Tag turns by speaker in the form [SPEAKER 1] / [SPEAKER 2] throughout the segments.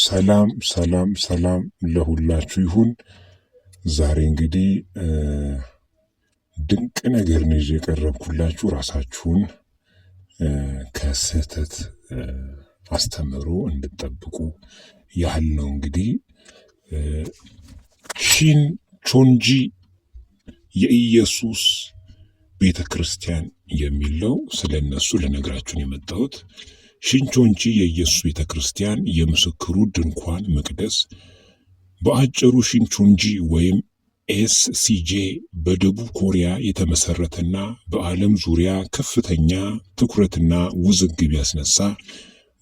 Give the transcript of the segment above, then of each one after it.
[SPEAKER 1] ሰላም ሰላም ሰላም ለሁላችሁ ይሁን። ዛሬ እንግዲህ ድንቅ ነገር ነው ይዤ የቀረብኩላችሁ። ራሳችሁን ከስህተት አስተምሮ እንድጠብቁ ያህል ነው። እንግዲህ ሺን ቾንጂ የኢየሱስ ቤተ ክርስቲያን የሚለው ስለ እነሱ ልነግራችሁን የመጣሁት ሽንቾንቺ የኢየሱስ ቤተ ክርስቲያን የምስክሩ ድንኳን መቅደስ በአጭሩ ሽንቾንጂ ወይም ኤስሲጄ በደቡብ ኮሪያ የተመሰረተና በዓለም ዙሪያ ከፍተኛ ትኩረትና ውዝግብ ያስነሳ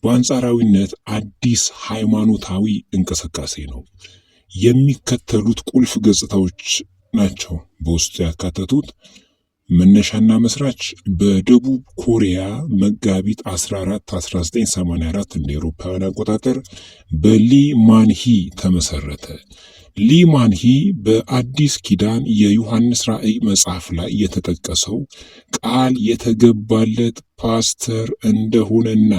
[SPEAKER 1] በአንጻራዊነት አዲስ ሃይማኖታዊ እንቅስቃሴ ነው። የሚከተሉት ቁልፍ ገጽታዎች ናቸው በውስጡ ያካተቱት መነሻና መስራች በደቡብ ኮሪያ መጋቢት 14 1984 እንደ ኤሮፓውያን አቆጣጠር በሊ ማንሂ ተመሰረተ። ሊ ማንሂ በአዲስ ኪዳን የዮሐንስ ራእይ መጽሐፍ ላይ የተጠቀሰው ቃል የተገባለት ፓስተር እንደሆነና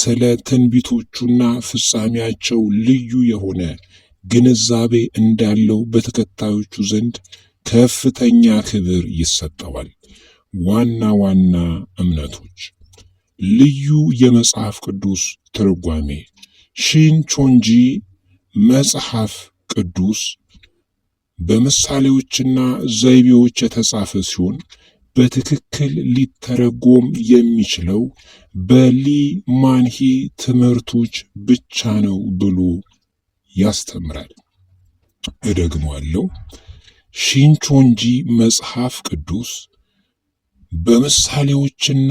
[SPEAKER 1] ስለ ትንቢቶቹና ፍጻሜያቸው ልዩ የሆነ ግንዛቤ እንዳለው በተከታዮቹ ዘንድ ከፍተኛ ክብር ይሰጠዋል። ዋና ዋና እምነቶች ልዩ የመጽሐፍ ቅዱስ ትርጓሜ ሺንቾንጂ መጽሐፍ ቅዱስ በምሳሌዎችና ዘይቤዎች የተጻፈ ሲሆን በትክክል ሊተረጎም የሚችለው በሊ ማንሂ ትምህርቶች ብቻ ነው ብሎ ያስተምራል። እደግመዋለሁ። ሽንቾ እንጂ መጽሐፍ ቅዱስ በምሳሌዎችና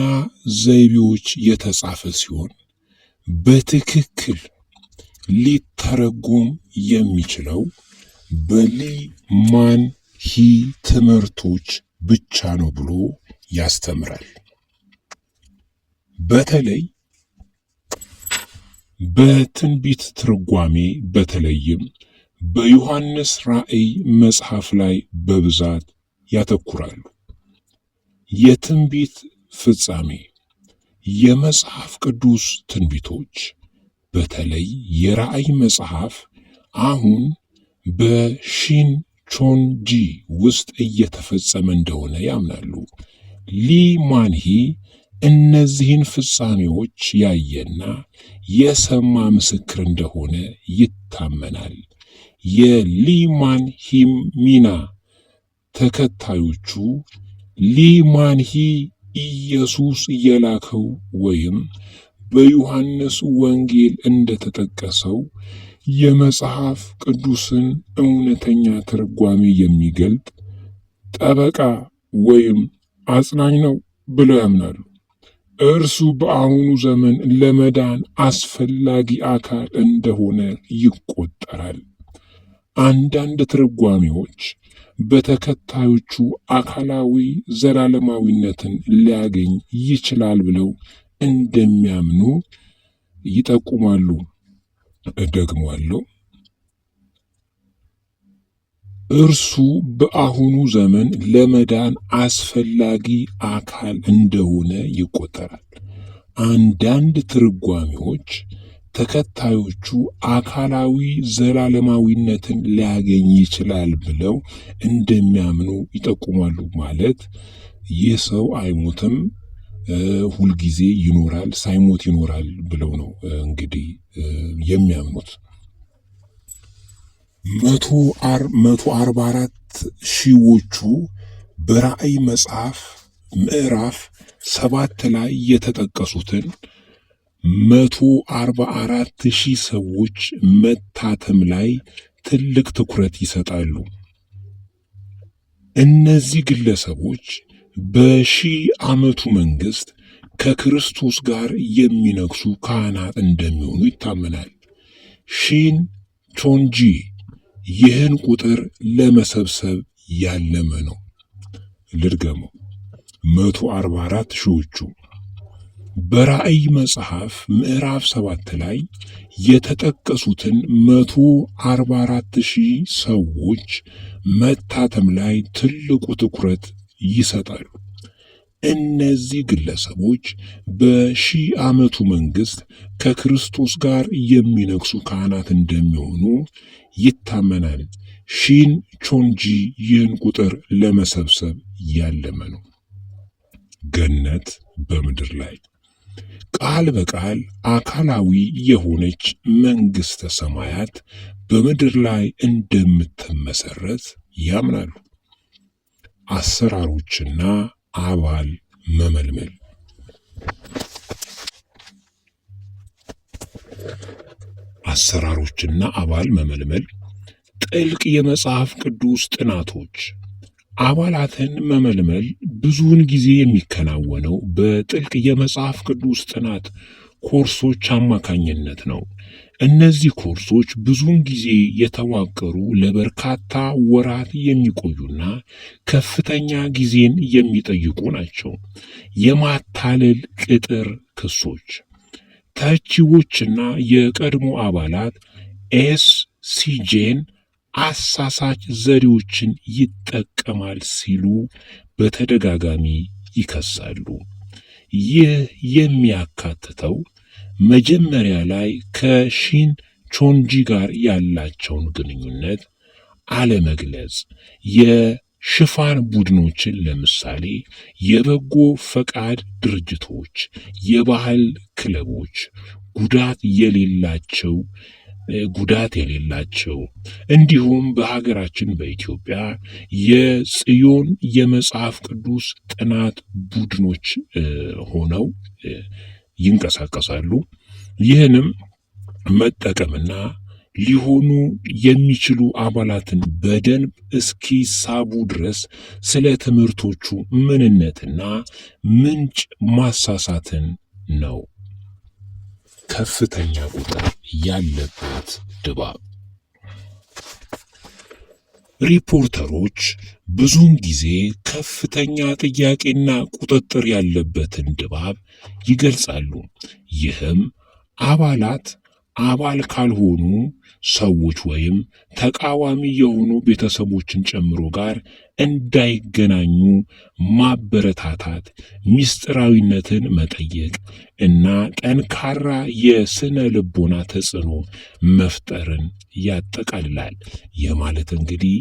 [SPEAKER 1] ዘይቤዎች የተጻፈ ሲሆን በትክክል ሊተረጎም የሚችለው በሊማንሂ ትምህርቶች ብቻ ነው ብሎ ያስተምራል። በተለይ በትንቢት ትርጓሜ በተለይም በዮሐንስ ራእይ መጽሐፍ ላይ በብዛት ያተኩራሉ። የትንቢት ፍጻሜ የመጽሐፍ ቅዱስ ትንቢቶች በተለይ የራእይ መጽሐፍ አሁን በሺን ቾንጂ ውስጥ እየተፈጸመ እንደሆነ ያምናሉ። ሊ ማንሂ እነዚህን ፍጻሜዎች ያየና የሰማ ምስክር እንደሆነ ይታመናል። የሊማንሂም ሚና ተከታዮቹ ሊማንሂ ኢየሱስ የላከው ወይም በዮሐንስ ወንጌል እንደተጠቀሰው የመጽሐፍ ቅዱስን እውነተኛ ትርጓሜ የሚገልጥ ጠበቃ ወይም አጽናኝ ነው ብለው ያምናሉ። እርሱ በአሁኑ ዘመን ለመዳን አስፈላጊ አካል እንደሆነ ይቆጠራል። አንዳንድ ትርጓሜዎች በተከታዮቹ አካላዊ ዘላለማዊነትን ሊያገኝ ይችላል ብለው እንደሚያምኑ ይጠቁማሉ። እደግማለሁ። እርሱ በአሁኑ ዘመን ለመዳን አስፈላጊ አካል እንደሆነ ይቆጠራል። አንዳንድ ትርጓሜዎች ተከታዮቹ አካላዊ ዘላለማዊነትን ሊያገኝ ይችላል ብለው እንደሚያምኑ ይጠቁማሉ። ማለት ይህ ሰው አይሞትም፣ ሁልጊዜ ይኖራል፣ ሳይሞት ይኖራል ብለው ነው እንግዲህ የሚያምኑት። መቶ አርባ አራት ሺዎቹ በራእይ መጽሐፍ ምዕራፍ ሰባት ላይ የተጠቀሱትን መቶ አርባ አራት ሺህ ሰዎች መታተም ላይ ትልቅ ትኩረት ይሰጣሉ። እነዚህ ግለሰቦች በሺህ ዓመቱ መንግሥት ከክርስቶስ ጋር የሚነግሱ ካህናት እንደሚሆኑ ይታመናል። ሺን ቾንጂ ይህን ቁጥር ለመሰብሰብ ያለመ ነው። ልድገመው፣ መቶ አርባ አራት ሺዎቹ በራእይ መጽሐፍ ምዕራፍ ሰባት ላይ የተጠቀሱትን መቶ አርባ አራት ሺህ ሰዎች መታተም ላይ ትልቁ ትኩረት ይሰጣሉ። እነዚህ ግለሰቦች በሺህ ዓመቱ መንግሥት ከክርስቶስ ጋር የሚነግሱ ካህናት እንደሚሆኑ ይታመናል። ሺን ቾንጂ ይህን ቁጥር ለመሰብሰብ ያለመ ነው። ገነት በምድር ላይ ቃል በቃል አካላዊ የሆነች መንግሥተ ሰማያት በምድር ላይ እንደምትመሰረት ያምናሉ። አሰራሮችና አባል መመልመል አሰራሮችና አባል መመልመል ጥልቅ የመጽሐፍ ቅዱስ ጥናቶች አባላትን መመልመል ብዙውን ጊዜ የሚከናወነው በጥልቅ የመጽሐፍ ቅዱስ ጥናት ኮርሶች አማካኝነት ነው። እነዚህ ኮርሶች ብዙውን ጊዜ የተዋቀሩ ለበርካታ ወራት የሚቆዩና ከፍተኛ ጊዜን የሚጠይቁ ናቸው። የማታለል ቅጥር ክሶች ተቺዎችና የቀድሞ አባላት ኤስ ሲጄን አሳሳች ዘዴዎችን ይጠቀማል ሲሉ በተደጋጋሚ ይከሳሉ። ይህ የሚያካትተው መጀመሪያ ላይ ከሺን ቾንጂ ጋር ያላቸውን ግንኙነት አለመግለጽ፣ የሽፋን ቡድኖችን ለምሳሌ የበጎ ፈቃድ ድርጅቶች፣ የባህል ክለቦች፣ ጉዳት የሌላቸው ጉዳት የሌላቸው እንዲሁም በሀገራችን በኢትዮጵያ የጽዮን የመጽሐፍ ቅዱስ ጥናት ቡድኖች ሆነው ይንቀሳቀሳሉ። ይህንም መጠቀምና ሊሆኑ የሚችሉ አባላትን በደንብ እስኪሳቡ ድረስ ስለ ትምህርቶቹ ምንነትና ምንጭ ማሳሳትን ነው። ከፍተኛ ቁጥር ያለበት ድባብ። ሪፖርተሮች ብዙውን ጊዜ ከፍተኛ ጥያቄና ቁጥጥር ያለበትን ድባብ ይገልጻሉ። ይህም አባላት አባል ካልሆኑ ሰዎች ወይም ተቃዋሚ የሆኑ ቤተሰቦችን ጨምሮ ጋር እንዳይገናኙ ማበረታታት፣ ሚስጥራዊነትን መጠየቅ እና ጠንካራ የስነ ልቦና ተጽዕኖ መፍጠርን ያጠቃልላል። ይህ ማለት እንግዲህ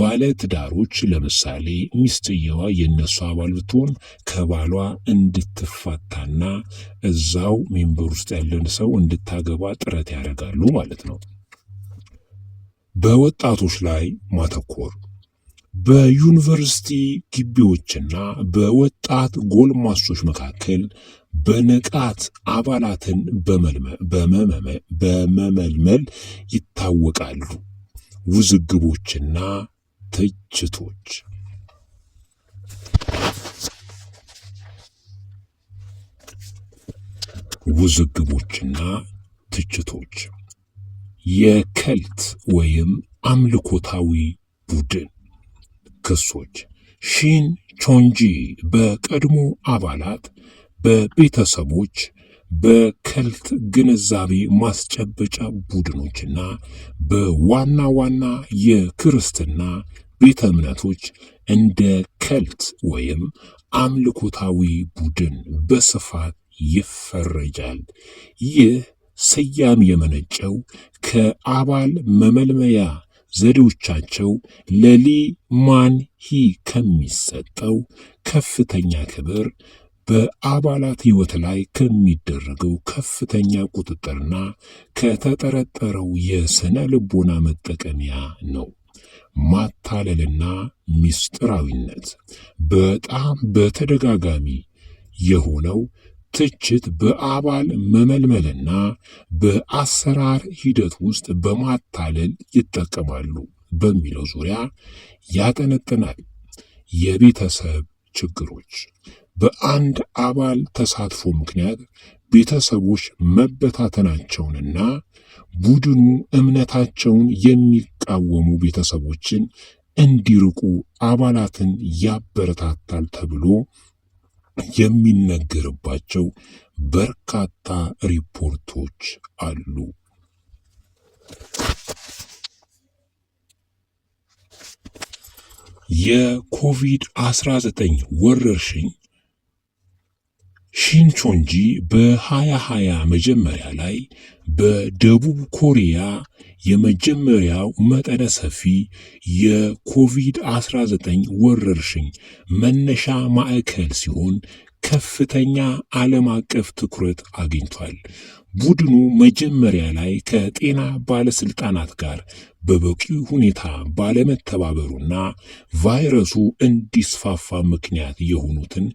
[SPEAKER 1] ባለትዳሮች ለምሳሌ ሚስትየዋ የእነሱ አባል ብትሆን ከባሏ እንድትፋታና እዛው ሜምበር ውስጥ ያለን ሰው እንድታገባ ጥረት ያደርጋሉ ማለት ነው። በወጣቶች ላይ ማተኮር በዩኒቨርሲቲ ግቢዎችና በወጣት ጎልማሶች መካከል በንቃት አባላትን በመመልመል ይታወቃሉ። ውዝግቦችና ትችቶች ውዝግቦችና ትችቶች የከልት ወይም አምልኮታዊ ቡድን ክሶች ሺን ቾንጂ በቀድሞ አባላት፣ በቤተሰቦች፣ በከልት ግንዛቤ ማስጨበጫ ቡድኖችና በዋና ዋና የክርስትና ቤተ እምነቶች እንደ ከልት ወይም አምልኮታዊ ቡድን በስፋት ይፈረጃል። ይህ ስያሜ የመነጨው ከአባል መመልመያ ዘዴዎቻቸው ማን ሂ ከሚሰጠው ከፍተኛ ክብር በአባላት ሕይወት ላይ ከሚደረገው ከፍተኛ ቁጥጥርና ከተጠረጠረው የሥነ ልቦና መጠቀሚያ ነው። ማታለልና ምስጢራዊነት በጣም በተደጋጋሚ የሆነው ትችት በአባል መመልመልና በአሰራር ሂደት ውስጥ በማታለል ይጠቀማሉ በሚለው ዙሪያ ያጠነጥናል። የቤተሰብ ችግሮች በአንድ አባል ተሳትፎ ምክንያት ቤተሰቦች መበታተናቸውንና ቡድኑ እምነታቸውን የሚቃወሙ ቤተሰቦችን እንዲርቁ አባላትን ያበረታታል ተብሎ የሚነገርባቸው በርካታ ሪፖርቶች አሉ። የኮቪድ-19 ወረርሽኝ ሺንቾንጂ በ2020 መጀመሪያ ላይ በደቡብ ኮሪያ የመጀመሪያው መጠነ ሰፊ የኮቪድ-19 ወረርሽኝ መነሻ ማዕከል ሲሆን ከፍተኛ ዓለም አቀፍ ትኩረት አግኝቷል። ቡድኑ መጀመሪያ ላይ ከጤና ባለስልጣናት ጋር በበቂ ሁኔታ ባለመተባበሩና ቫይረሱ እንዲስፋፋ ምክንያት የሆኑትን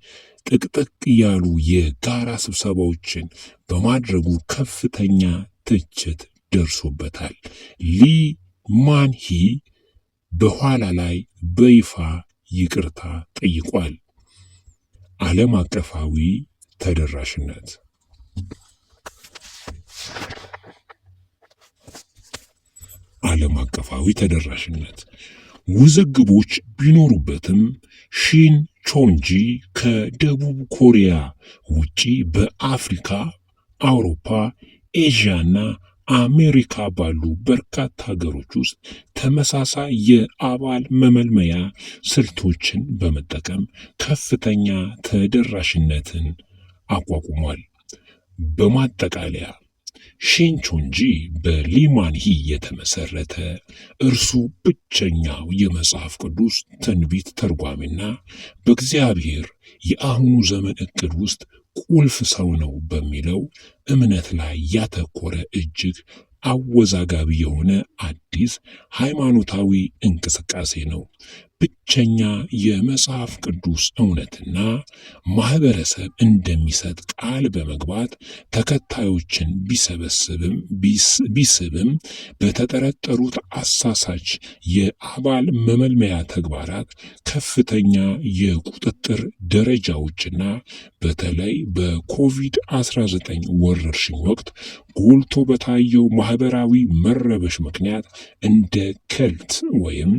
[SPEAKER 1] ጥቅጥቅ ያሉ የጋራ ስብሰባዎችን በማድረጉ ከፍተኛ ትችት ደርሶበታል። ሊ ማንሂ በኋላ ላይ በይፋ ይቅርታ ጠይቋል። ዓለም አቀፋዊ ተደራሽነት ዓለም አቀፋዊ ተደራሽነት ውዝግቦች ቢኖሩበትም ሺን ቾንጂ ከደቡብ ኮሪያ ውጪ በአፍሪካ፣ አውሮፓ፣ ኤዥያና አሜሪካ ባሉ በርካታ ሀገሮች ውስጥ ተመሳሳይ የአባል መመልመያ ስልቶችን በመጠቀም ከፍተኛ ተደራሽነትን አቋቁሟል። በማጠቃለያ ሺንቾንጂ በሊማንሂ የተመሰረተ እርሱ ብቸኛው የመጽሐፍ ቅዱስ ትንቢት ተርጓሚና በእግዚአብሔር የአሁኑ ዘመን እቅድ ውስጥ ቁልፍ ሰው ነው በሚለው እምነት ላይ ያተኮረ እጅግ አወዛጋቢ የሆነ አዲስ ሃይማኖታዊ እንቅስቃሴ ነው። ብቸኛ የመጽሐፍ ቅዱስ እውነትና ማህበረሰብ እንደሚሰጥ ቃል በመግባት ተከታዮችን ቢሰበስብም ቢስብም በተጠረጠሩት አሳሳች የአባል መመልመያ ተግባራት ከፍተኛ የቁጥጥር ደረጃዎችና በተለይ በኮቪድ-19 ወረርሽኝ ወቅት ጎልቶ በታየው ማህበራዊ መረበሽ ምክንያት እንደ ከልት ወይም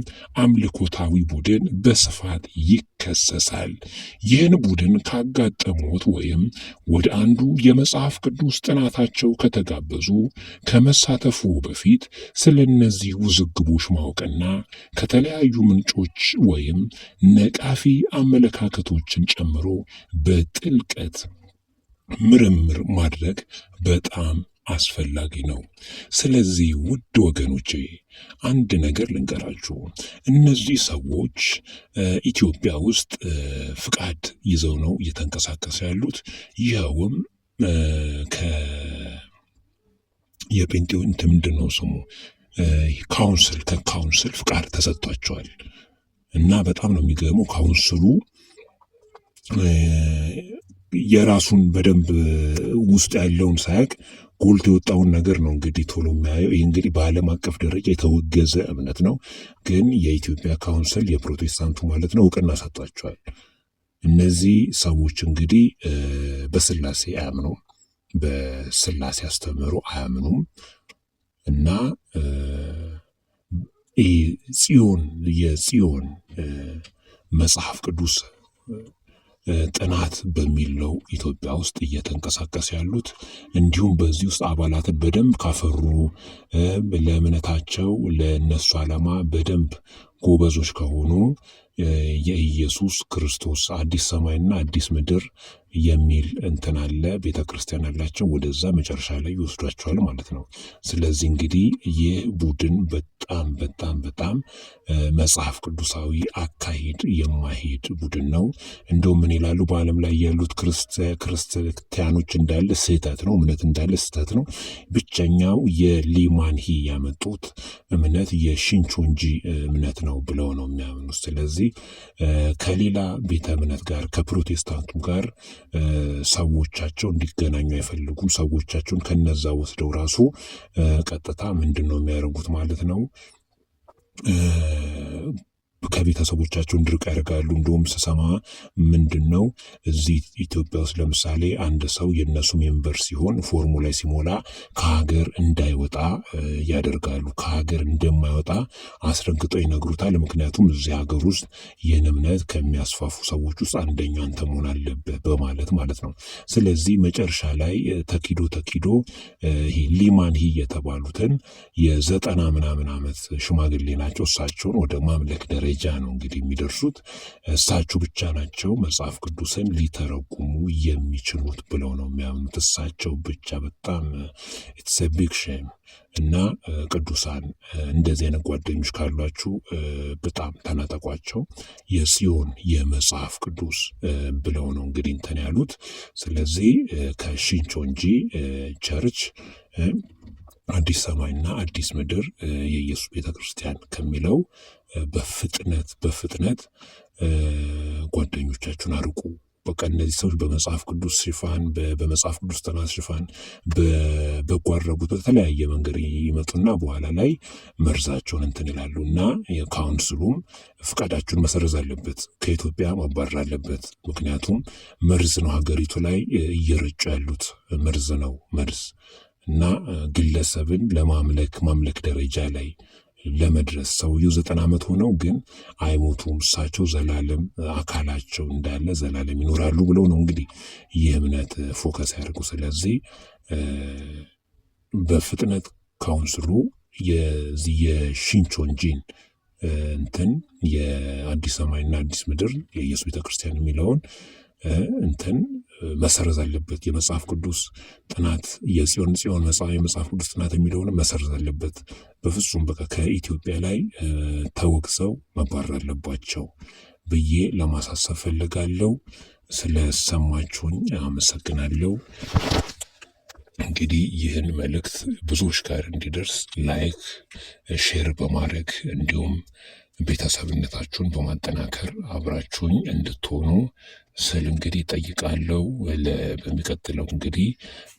[SPEAKER 1] አምልኮታዊ ቡድን በስፋት ይከሰሳል። ይህን ቡድን ካጋጠሙት ወይም ወደ አንዱ የመጽሐፍ ቅዱስ ጥናታቸው ከተጋበዙ ከመሳተፉ በፊት ስለነዚህ ውዝግቦች ማወቅና ከተለያዩ ምንጮች ወይም ነቃፊ አመለካከቶችን ጨምሮ በጥልቀት ምርምር ማድረግ በጣም አስፈላጊ ነው። ስለዚህ ውድ ወገኖቼ አንድ ነገር ልንገራችሁ። እነዚህ ሰዎች ኢትዮጵያ ውስጥ ፍቃድ ይዘው ነው እየተንቀሳቀሱ ያሉት። ይኸውም ከ ምንድን ነው ስሙ ካውንስል ከካውንስል ፍቃድ ተሰጥቷቸዋል። እና በጣም ነው የሚገርመው ካውንስሉ የራሱን በደንብ ውስጥ ያለውን ሳያቅ ጎልቶ የወጣውን ነገር ነው እንግዲህ ቶሎ የሚያየው። ይህ እንግዲህ በዓለም አቀፍ ደረጃ የተወገዘ እምነት ነው፣ ግን የኢትዮጵያ ካውንስል የፕሮቴስታንቱ ማለት ነው እውቅና ሰጥቷቸዋል። እነዚህ ሰዎች እንግዲህ በስላሴ አያምኑም፣ በስላሴ አስተምህሮ አያምኑም እና ጽዮን የጽዮን መጽሐፍ ቅዱስ ጥናት በሚለው ኢትዮጵያ ውስጥ እየተንቀሳቀሰ ያሉት። እንዲሁም በዚህ ውስጥ አባላትን በደንብ ካፈሩ ለእምነታቸው ለእነሱ ዓላማ በደንብ ጎበዞች ከሆኑ የኢየሱስ ክርስቶስ አዲስ ሰማይና አዲስ ምድር የሚል እንትን አለ። ቤተ ክርስቲያን ያላቸው ወደዛ መጨረሻ ላይ ይወስዷቸዋል ማለት ነው። ስለዚህ እንግዲህ ይህ ቡድን በጣም በጣም በጣም መጽሐፍ ቅዱሳዊ አካሄድ የማሄድ ቡድን ነው። እንደውም ምን ይላሉ? በዓለም ላይ ያሉት ክርስቲያኖች እንዳለ ስህተት ነው፣ እምነት እንዳለ ስህተት ነው። ብቸኛው የሊማንሂ ያመጡት እምነት የሽንቾንጂ እምነት ነው ብለው ነው የሚያምኑት። ስለዚህ ስለዚህ ከሌላ ቤተ እምነት ጋር ከፕሮቴስታንቱ ጋር ሰዎቻቸው እንዲገናኙ አይፈልጉም። ሰዎቻቸውን ከነዛ ወስደው ራሱ ቀጥታ ምንድን ነው የሚያደርጉት ማለት ነው ከቤተሰቦቻቸውን ድርቅ ያደርጋሉ። እንደውም ስሰማ ምንድን ነው እዚህ ኢትዮጵያ ውስጥ ለምሳሌ አንድ ሰው የእነሱ ሜምበር ሲሆን ፎርሙ ላይ ሲሞላ ከሀገር እንዳይወጣ ያደርጋሉ። ከሀገር እንደማይወጣ አስረግጠው ይነግሩታል። ምክንያቱም እዚህ ሀገር ውስጥ ይህን እምነት ከሚያስፋፉ ሰዎች ውስጥ አንደኛ አንተ መሆን አለብህ በማለት ማለት ነው። ስለዚህ መጨረሻ ላይ ተኪዶ ተኪዶ ሊማን ሂ የተባሉትን የዘጠና ምናምን ዓመት ሽማግሌ ናቸው እሳቸውን ወደ ማምለክ ደረጃ ደረጃ ነው እንግዲህ የሚደርሱት። እሳቸው ብቻ ናቸው መጽሐፍ ቅዱስን ሊተረጉሙ የሚችሉት ብለው ነው የሚያምኑት። እሳቸው ብቻ በጣም ኢትስ ቢግ ሼም እና ቅዱሳን እንደዚህ አይነት ጓደኞች ካሏችሁ በጣም ተናጠቋቸው። የሲዮን የመጽሐፍ ቅዱስ ብለው ነው እንግዲህ እንትን ያሉት። ስለዚህ ከሺንቾንጂ ቸርች አዲስ ሰማይና አዲስ ምድር የኢየሱስ ቤተክርስቲያን ከሚለው በፍጥነት በፍጥነት ጓደኞቻችሁን አርቁ። በቃ እነዚህ ሰዎች በመጽሐፍ ቅዱስ ሽፋን በመጽሐፍ ቅዱስ ጥናት ሽፋን በበጎ አድራጎት በተለያየ መንገድ ይመጡና በኋላ ላይ መርዛቸውን እንትን ይላሉ እና ካውንስሉም ፍቃዳችሁን መሰረዝ አለበት፣ ከኢትዮጵያ ማባረር አለበት። ምክንያቱም መርዝ ነው፣ ሀገሪቱ ላይ እየረጩ ያሉት መርዝ ነው መርዝ እና ግለሰብን ለማምለክ ማምለክ ደረጃ ላይ ለመድረስ ሰውየው ዘጠና ዓመት ሆነው ግን አይሞቱም። እሳቸው ዘላለም አካላቸው እንዳለ ዘላለም ይኖራሉ ብለው ነው እንግዲህ ይህ እምነት ፎከስ ያደርጉ። ስለዚህ በፍጥነት ካውንስሉ የዚህ ጂን እንትን የአዲስ ሰማይና አዲስ ምድር የኢየሱስ ቤተክርስቲያን የሚለውን እንትን መሰረዝ አለበት። የመጽሐፍ ቅዱስ ጥናት የጽዮን ጽዮን የመጽሐፍ ቅዱስ ጥናት የሚለውን መሰረዝ አለበት። በፍጹም በቃ ከኢትዮጵያ ላይ ተወግዘው መባረር አለባቸው ብዬ ለማሳሰብ ፈልጋለሁ። ስለሰማችሁኝ አመሰግናለሁ። እንግዲህ ይህን መልእክት ብዙዎች ጋር እንዲደርስ ላይክ፣ ሼር በማድረግ እንዲሁም ቤተሰብነታችሁን በማጠናከር አብራችሁኝ እንድትሆኑ ስል እንግዲህ ጠይቃለሁ። በሚቀጥለው እንግዲህ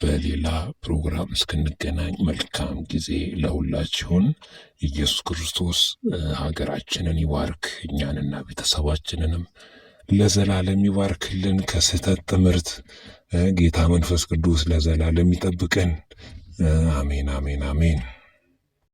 [SPEAKER 1] በሌላ ፕሮግራም እስክንገናኝ መልካም ጊዜ ለሁላችሁን። ኢየሱስ ክርስቶስ ሀገራችንን ይባርክ፣ እኛንና ቤተሰባችንንም ለዘላለም ይባርክልን። ከስህተት ትምህርት ጌታ መንፈስ ቅዱስ ለዘላለም ይጠብቀን። አሜን፣ አሜን፣ አሜን።